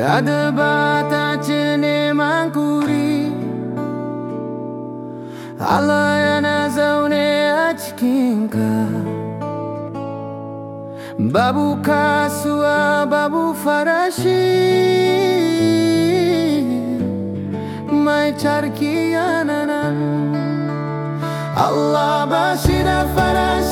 Adbata cine mancuri Alayana zaune achkinka Babu kasua babu farashi Mai charki ananan Allah bashira farashi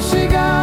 chegar.